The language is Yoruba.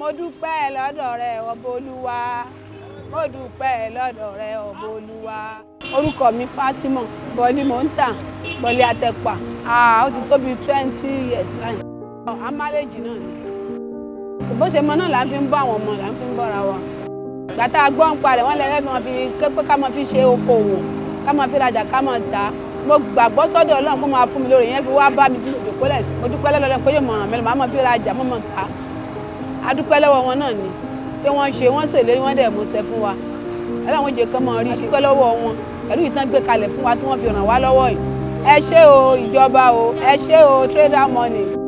mo dúpẹ́ lọ́dọ̀ rẹ ọba mo dúpẹ́ lọ́dọ̀ rẹ ọba orúkọ mi Fatima bọ́lí mò ń tà bọ́lí àtẹ̀pà ah, ó ti tóbi twenty years báyìí. Oh, náà ni bó ṣe mọ náà là ń fi ń bọ́ àwọn ọmọ là ń fi ń wa. gbàtà gbọ́n rẹ̀ wọ́n lẹ́rẹ́ fi ká fi ṣe okòwò ká fi rajà ká mo gbàgbọ́ sọ́dọ̀ ọlọ́run kó máa fún mi lórí yẹn fi wá bá mi dúró sí mo dúpẹ́ lọ́dọ̀ ọlọ́run pé yóò fi rajà adúpẹ́ lọ́wọ́ wọn náà ni pé wọ́n ṣe wọ́n ṣèlérí wọ́n dẹ̀ mọṣẹ́ fún wa ẹlẹ́wọ̀n jẹ́ kán máa rí adúpẹ́ lọ́wọ́ wọn pẹ̀lú ìtàn gbé kalẹ̀ fún wa tí wọ́n fi ràn wá lọ́wọ́ yìí ẹ ṣé o ìjọba o ẹ ṣé o trader money.